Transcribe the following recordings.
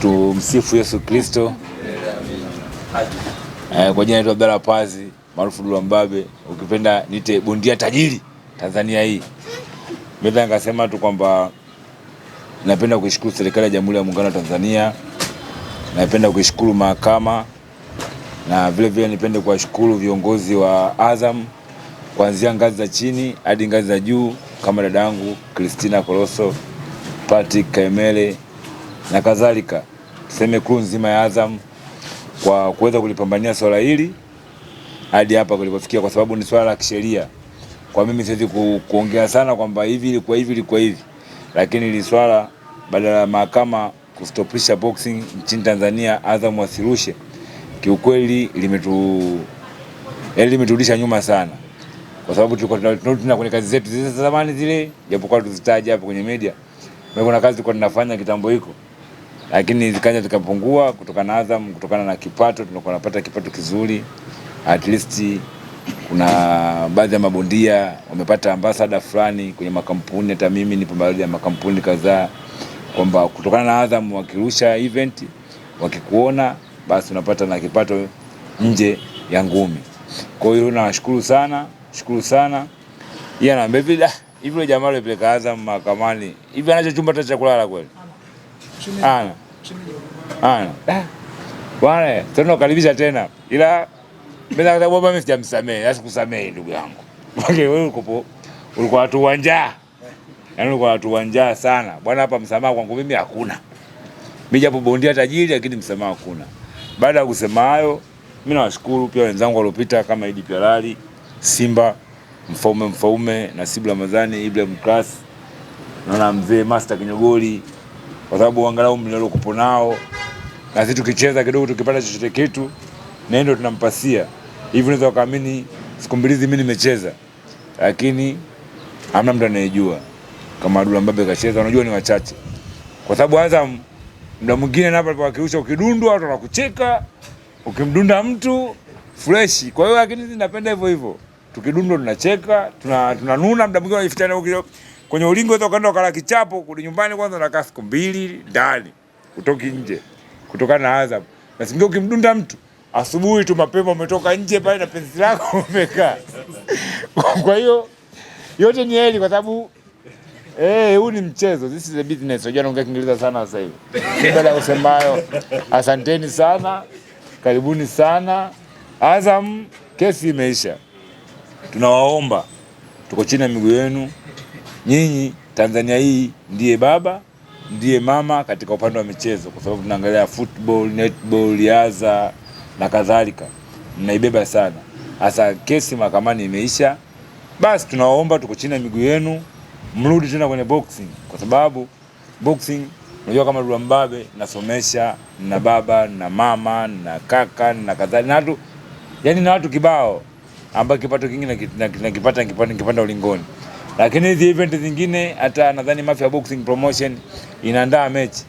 Tumsifu Yesu Kristo. Eh, kwa jina naitwa Abdalla Pazi maarufu Dula Mbabe, ukipenda nite bondia tajiri Tanzania hii. Mimi nikasema tu kwamba napenda kuishukuru serikali ya Jamhuri ya Muungano wa Tanzania, napenda kuishukuru mahakama na vile vile nipende kuwashukuru viongozi wa Azam kuanzia ngazi za chini hadi ngazi za juu kama dadangu Christina Koloso Patrick Kaemele na kadhalika, tuseme crew nzima ya Azam kwa kuweza kulipambania swala hili hadi hapa kulipofikia, kwa sababu ni swala la kisheria. Kwa mimi siwezi ku, kuongea sana kwamba hivi ilikuwa hivi ilikuwa hivi, lakini ni swala badala ya mahakama kustopisha boxing nchini Tanzania, Azam wasirushe, kiukweli limetu yaani limeturudisha nyuma sana, kwa sababu tulikuwa tunarudi kwenye kazi zetu zile za zamani zile, japokuwa tuzitaja hapo kwenye media. Mimi kuna kazi tulikuwa tunafanya kitambo hiko, lakini zikaja zikapungua kutokana na Azam, kutokana na kipato tunakuwa tunapata kipato kizuri. At least kuna baadhi ya mabondia wamepata ambasada fulani kwenye makampuni. Hata mimi nipo baadhi ya makampuni kadhaa, kwamba kutokana na Azam wakirusha event wakikuona, basi unapata na kipato nje ya ngumi. Kwa hiyo nawashukuru sana, shukuru sana yeye anaambia hivi hivi yule jamaa alipeleka Azam mahakamani hivi, anacho chumba hata cha kulala kweli? Ana ana ah. bwana, tena ukaribisha tena, ila mimi nataka mimi sijamsamehe, asikusamehe ndugu yangu. Wewe uko ulikuwa watu wa njaa. yaani ulikuwa watu wa njaa sana bwana. Hapa msamaha kwangu mimi hakuna, mimi japo bondia tajiri, lakini msamaha hakuna. Baada ya kusema hayo, mimi nawashukuru pia wenzangu waliopita kama Idi Pialali, Simba Mfaume Mfaume, Nasibu Ramadhani, Ibrahim Class, naona mzee Master Kinyogoli, kwa sababu angalau mnalokupo nao na sisi tukicheza kidogo, tukipata chochote kitu na ndio tunampasia hivi. Unaweza ukaamini siku mbili hizi mimi nimecheza, lakini hamna mtu anayejua kama Abdul Mbabe kacheza. Unajua ni wachache, kwa sababu Azam mda mwingine na hapa wakirusha, ukidundwa watu wanakucheka, ukimdunda mtu freshi. Kwa hiyo lakini napenda hivyo hivyo tukidundo tunacheka tunanuna tuna, mda muda mwingine unajifuta kwenye ulingo hizo kando kala kichapo kule nyumbani kwanza na kasi mbili ndani kutoki nje kutokana na adhabu. Na singio ukimdunda mtu asubuhi tu mapema umetoka nje pale na penzi lako umekaa. Kwa hiyo yote ni heli kwa sababu eh, huu ni mchezo. This is a business. Unajua naongea Kiingereza sana sasa hivi. Bila usemayo asanteni sana. Karibuni sana. Azam kesi imeisha. Tunawaomba, tuko chini ya miguu yenu nyinyi. Tanzania hii ndiye baba ndiye mama katika upande wa michezo, kwa sababu tunaangalia football, netball, riadha na kadhalika, mnaibeba sana. Hasa kesi mahakamani imeisha, basi tunawaomba, tuko chini ya miguu yenu, mrudi tena kwenye boxing, kwa sababu boxing unajua kama Dula Mbabe nasomesha na baba na mama na kaka na kadhalika na watu, yani na watu kibao ambayo kipato kingine nakipata nikipanda ulingoni. Lakini hizi event zingine, hata nadhani Mafia Boxing Promotion inaandaa mechi,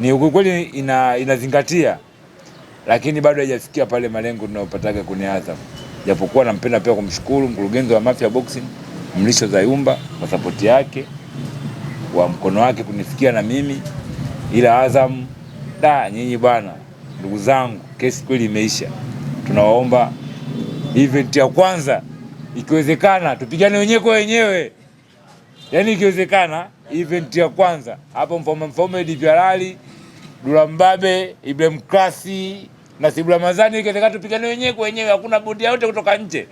ni ukweli ina, inazingatia, lakini bado haijafikia pale malengo tunayopataka kwenye Azam, japokuwa nampenda pia kumshukuru mkurugenzi wa Mafia Boxing Mlisho Zayumba kwa sapoti yake wa mkono wake kunifikia na mimi, ila Azam da, nyinyi bwana, ndugu zangu, kesi kweli imeisha, tunawaomba event ya kwanza ikiwezekana tupigane wenyewe kwa wenyewe, yani ikiwezekana event ya kwanza hapo Mfaume Mfaume Divyalali Dula Mbabe Ibrahim Klasi na Sibu Ramadhani, ikiwezekana tupigane wenyewe kwa wenyewe, hakuna bodi yote kutoka nje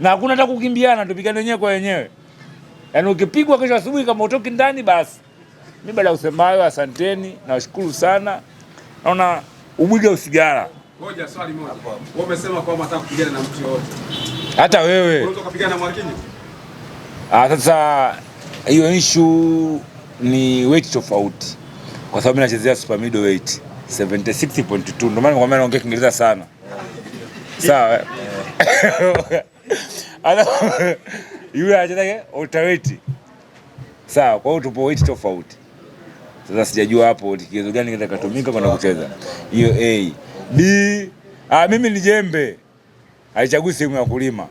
na hakuna hata kukimbiana, tupigane wenyewe kwa wenyewe. Yani ukipigwa kesho asubuhi kama utoki ndani basi. Mimi baada ya kusema hayo, asanteni, nawashukuru sana. Naona ubwiga usigara Ngoja swali moja. Wewe umesema kwamba unataka kupigana na mtu yote. Hata wewe. Unaweza kupigana na Mwakinyo? Ah, sasa hiyo issue ni weight tofauti. Kwa sababu nachezea super middleweight 76.2. Ndio maana nimekwambia naongea Kiingereza sana. Sawa. Ana yule anataka ultraweight. Sawa, kwa hiyo tupo weight tofauti. Sasa sijajua hapo kigezo gani kitakatumika kwenda kucheza. Hiyo A. Hey. B. Ah, mimi ni jembe. Haichagui sehemu ya kulima.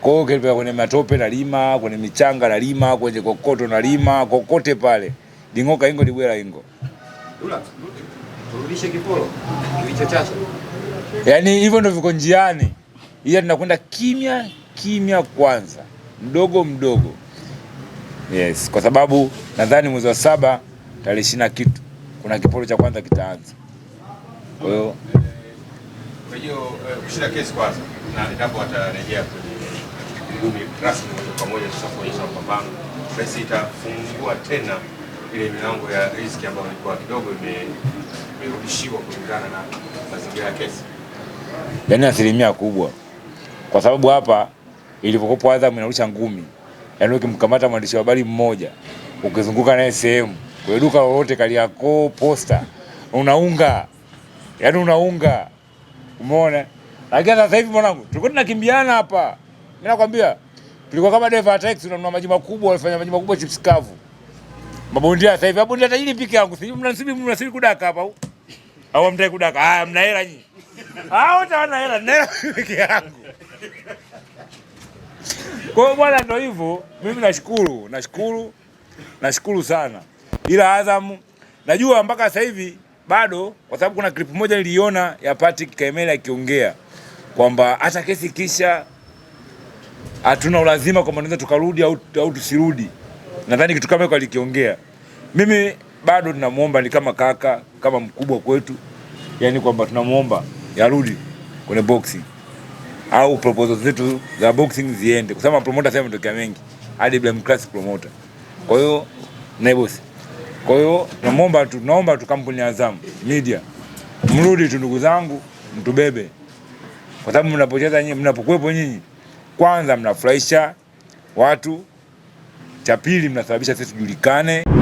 Kwa hiyo kwenye matope na lima, kwenye michanga na lima, kwenye kokoto na lima, kokote pale. Dingoka ingo dibwela ingo. Ula. Turudishe kiporo. Kiwicha chacho. Yaani hivyo ndio viko njiani. Ila tunakwenda kimya kimya kwanza. Mdogo mdogo. Yes, kwa sababu nadhani mwezi wa saba tarehe ishirini na kitu kuna kiporo cha kwanza kitaanza. Kwa hiyo kwa kushinda eh, kesi kwanza na endapo watarejea kwenye ngumi rasmi pamoja, tutakuonyesha mapambano basi, itafungua tena ile milango ya riziki ambayo ilikuwa kidogo imerudishiwa kulingana na mazingira ya kesi, yaani asilimia kubwa, kwa sababu hapa ilivyokopo Azam inarusha ngumi, yaani ukimkamata mwandishi wa habari mmoja ukizunguka naye sehemu kwenye duka lolote, Kariakoo, Posta, unaunga yaani unaunga, umeona. Lakini sasa hivi mwanangu, tulikuwa tunakimbiana hapa, mimi nakwambia tulikuwa kama dereva taxi, unanunua maji makubwa, unafanya maji makubwa, chips kavu, mabondia. Sasa hivi mabondia tajiri piki yangu, sijui mnasubiri, mnasubiri kudaka hapa au au mtaki kudaka? Ah, mna hela nyinyi, wote wana hela ndio piki yangu. Kwa hiyo bwana, ndio hivyo. Mimi nashukuru, nashukuru, nashukuru sana, ila Azam najua mpaka sasa hivi bado, kwa sababu kuna clip moja niliona ya Patrick Kemele akiongea kwamba hata kesi kisha hatuna ulazima kwamba tunaweza tukarudi au, au tusirudi. Nadhani kitu kama hicho alikiongea. Mimi bado tunamuomba ni kama kaka kama mkubwa kwetu, yani kwamba tunamuomba yarudi kwenye boxing au proposal zetu za boxing ziende, kwa sababu promoter sasa ametokea mengi hadi Ibrahim Class promoter. Kwa hiyo naibosi kwa hiyo naomba tu, naomba tu kampuni ya Azam Media mrudi tu ndugu zangu, mtubebe kwa sababu mnapocheza nyinyi, mnapokuwepo nyinyi, kwanza mnafurahisha watu, cha pili mnasababisha sisi tujulikane.